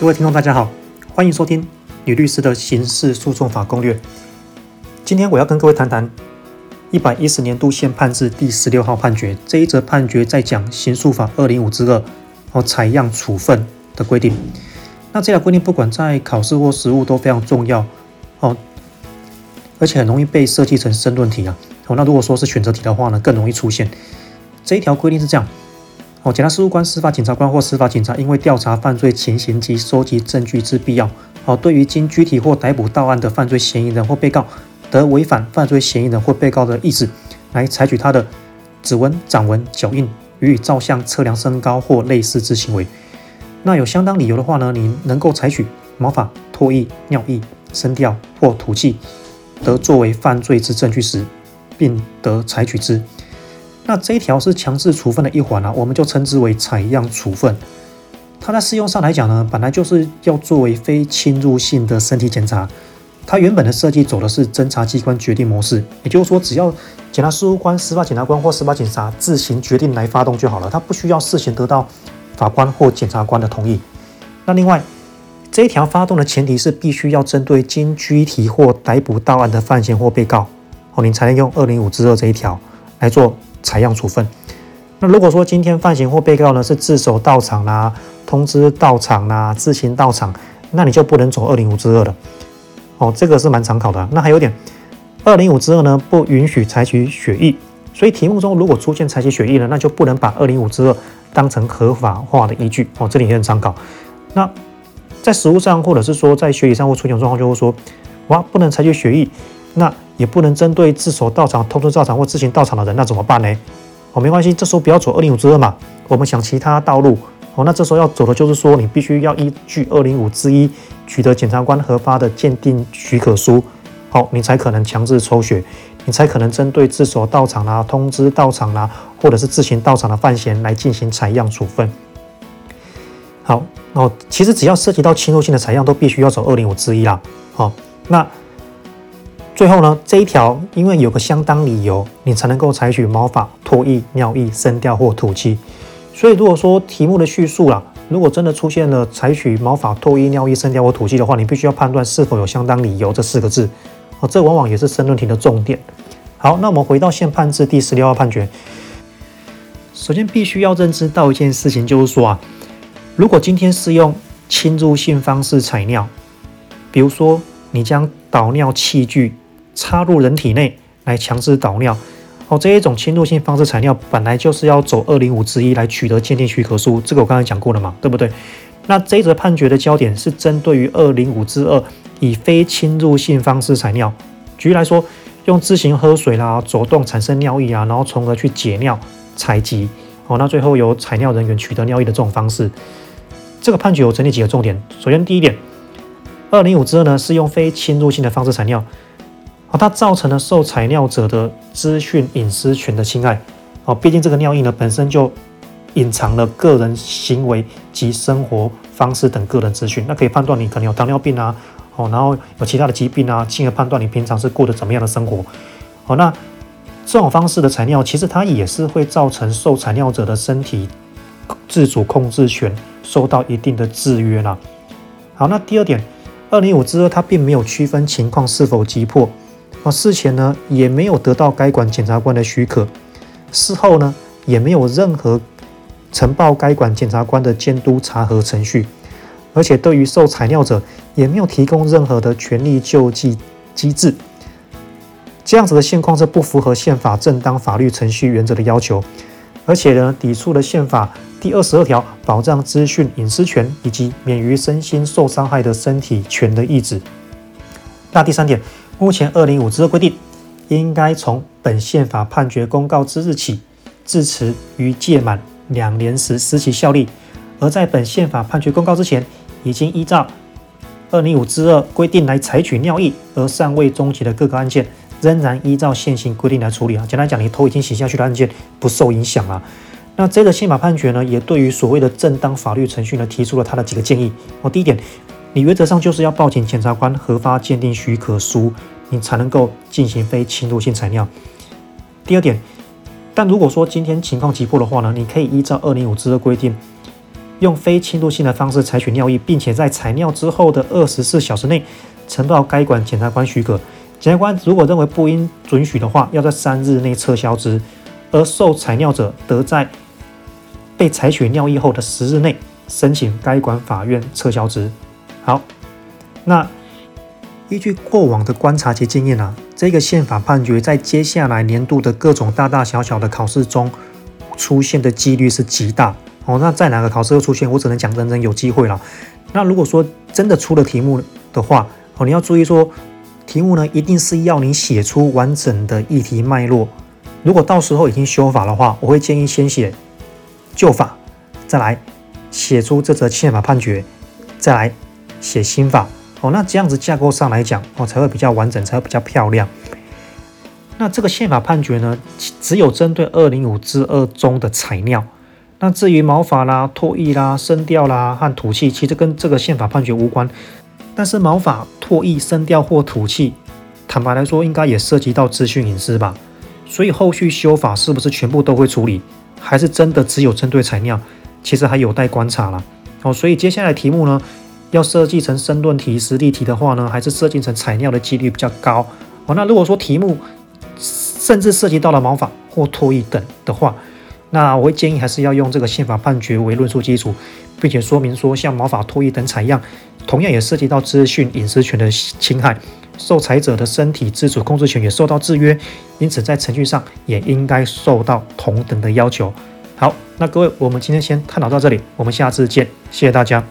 各位聽眾，大家好，歡迎收聽呂律師的刑事訴訟法攻略。今天我要跟各位談談一百一十一年度憲判字第十六號判決這一則判決，在講刑訴法二零五之二哦，採樣處分的規定。那這條規定不管在考試或實務都非常重要哦，而且很容易被設計成申論題啊、哦。那如果說是選擇題的話呢，更容易出現。這一條規定是這樣。哦，檢察事務官、司法警察官或司法警察，因為調查犯罪情形及收集證據之必要，好、哦，對於經拘提或逮捕到案的犯罪嫌疑人或被告，得違反犯罪嫌疑人或被告的意思，來採取他的指紋、掌紋、腳印，予以照相、測量身高或類似之行為。那有相當理由的話呢，你能夠採取毛髮、唾液、尿液、聲調或吐氣，得作為犯罪之證據時，並得採取之。那這一條是強制處分的一環啊，我們就稱之為採樣處分。它在適用上來講呢，本來就是要作為非侵入性的身體檢查，它原本的設計走的是偵查機關決定模式，也就是說，只要檢察事務官、司法檢察官或司法警察自行決定來發動就好了，它不需要事先得到法官或檢察官的同意。那另外，這一條發動的前提是必須要針對經拘提或逮捕到案的犯嫌或被告哦，你才能用二零五之二這一條來做。採樣處分，那如果說今天犯行或被告呢是自首到場啦、啊，通知到場啦、啊，自行到場，那你就不能走二零五之二了。哦，這個是蠻常考的、啊。那還有一點，二零五之二呢不允許採取血液，所以題目中如果出現採取血液呢，那就不能把二零五之二當成合法化的依據。哦，這裡也很常考。那在實務上，或者是說在學理上，或出現狀況，就會說哇，不能採取血液。那也不能針對自首到場、通知到場或自行到場的人，那怎麼辦呢？哦，沒關係，這時候不要走二零五之二嘛，我們想其他道路。好、哦，那這時候要走的就是說，你必須要依據二零五之一取得檢察官核發的鑑定許可書，好、哦，你才可能強制抽血，你才可能針對自首到場啦、啊、通知到場啦、啊，或者是自行到場的犯嫌來進行採樣處分。好，然、哦、其實只要涉及到侵入性的採樣，都必須要走二零五之一啦。好、哦，那。最後呢，這一條因為有個相當理由，你才能夠採取毛髮、唾液、尿液、聲調或吐氣。所以，如果說題目的敘述啦，如果真的出現了採取毛髮、唾液、尿液、聲調或吐氣的話，你必須要判斷是否有相當理由這四個字啊，這往往也是申論題的重點。好，那我們回到憲判字第十六號判決。首先，必須要認知到一件事情，就是說啊，如果今天是用侵入性方式採尿，比如說你將導尿器具。插入人體內來強制導尿，哦，這一種侵入性方式採尿本來就是要走二零五之一來取得鑑定許可書，這個我剛才講過了嘛，對不對？那這一則判決的焦點是針對於二零五之二以非侵入性方式採尿，舉例來說，用自行喝水啦、走動產生尿液啊，然後從而去解尿採集，好、哦，那最後由採尿人員取得尿液的這種方式，這個判決有整理幾個重點。首先第一點，二零五之二呢是用非侵入性的方式採尿。好，它造成了受採尿者的資訊隱私權的侵害。哦，畢竟這個尿液呢本身就隱藏了個人行為及生活方式等個人資訊。那可以判斷你可能有糖尿病啊，哦，然後有其他的疾病啊，進而判斷你平常是過得怎麼樣的生活。好，那這種方式的採尿其實它也是會造成受採尿者的身體自主控制權受到一定的制約啦。好，那第二點，二零五之二它並沒有區分情況是否急迫。事前呢也沒有得到該管檢察官的許可，事後呢也沒有任何呈報該管檢察官的監督查核程序，而且對於受採尿者也沒有提供任何的權利救濟機制。這樣子的現況是不符合憲法正當法律程序原則的要求，而且呢抵觸了憲法第二十二條保障資訊隱私權以及免於身心受傷害的身體權的意旨。那第三點。目前二零五之二規定，應該從本憲法判決公告之日起，至遲於屆滿兩年時失其效力；而在本憲法判決公告之前，已經依照二零五之二規定來採取尿液而尚未終結的各個案件，仍然依照現行規定來處理啊。簡單講，你頭已經洗下去的案件不受影響啊。那這個憲法判決呢，也對於所謂的正當法律程序呢，提出了他的幾個建議哦。第一點。你原則上就是要報請檢察官核發鑑定許可書，你才能夠進行非侵入性採尿。第二點，但如果說今天情況急迫的話呢，你可以依照二零五之二的規定，用非侵入性的方式採取尿液，並且在採尿之後的二十四小時內呈報該管檢察官許可。檢察官如果認為不應准許的話，要在三日內撤銷之，而受採尿者得在被採取尿液後的十日內申請該管法院撤銷之。好，那依據過往的觀察及經驗啊，這個憲法判決在接下來年度的各種大大小小的考試中出現的幾率是極大哦。那在哪個考試會出現？我只能講真真有機會了。那如果說真的出了題目的話，哦，你要注意說題目呢，一定是要你寫出完整的議題脈絡。如果到時候已經修法的話，我會建議先寫舊法，再來寫出這則憲法判決，再來。寫新法哦，那這樣子架構上來講哦，才會比較完整，才會比較漂亮。那這個憲法判決呢，只有針對二零五之二中的採尿。那至於毛髮啦、唾液啦、聲調啦和吐氣，其實跟這個憲法判決無關。但是毛髮、唾液、聲調或吐氣，坦白來說，應該也涉及到資訊隱私吧？所以後續修法是不是全部都會處理，還是真的只有針對採尿？其實還有待觀察啦。哦。所以接下來題目呢？要設計成申論題、實地題的話呢，還是設計成採尿的幾率比較高。好，那如果說題目甚至涉及到了毛髮或唾液等的話，那我會建議還是要用這個憲法判決為論述基礎，並且說明說，像毛髮、唾液等採樣，同樣也涉及到資訊隱私權的侵害，受裁者的身體自主控制權也受到制約，因此在程序上也應該受到同等的要求。好，那各位，我們今天先探討到這裡，我們下次見，謝謝大家。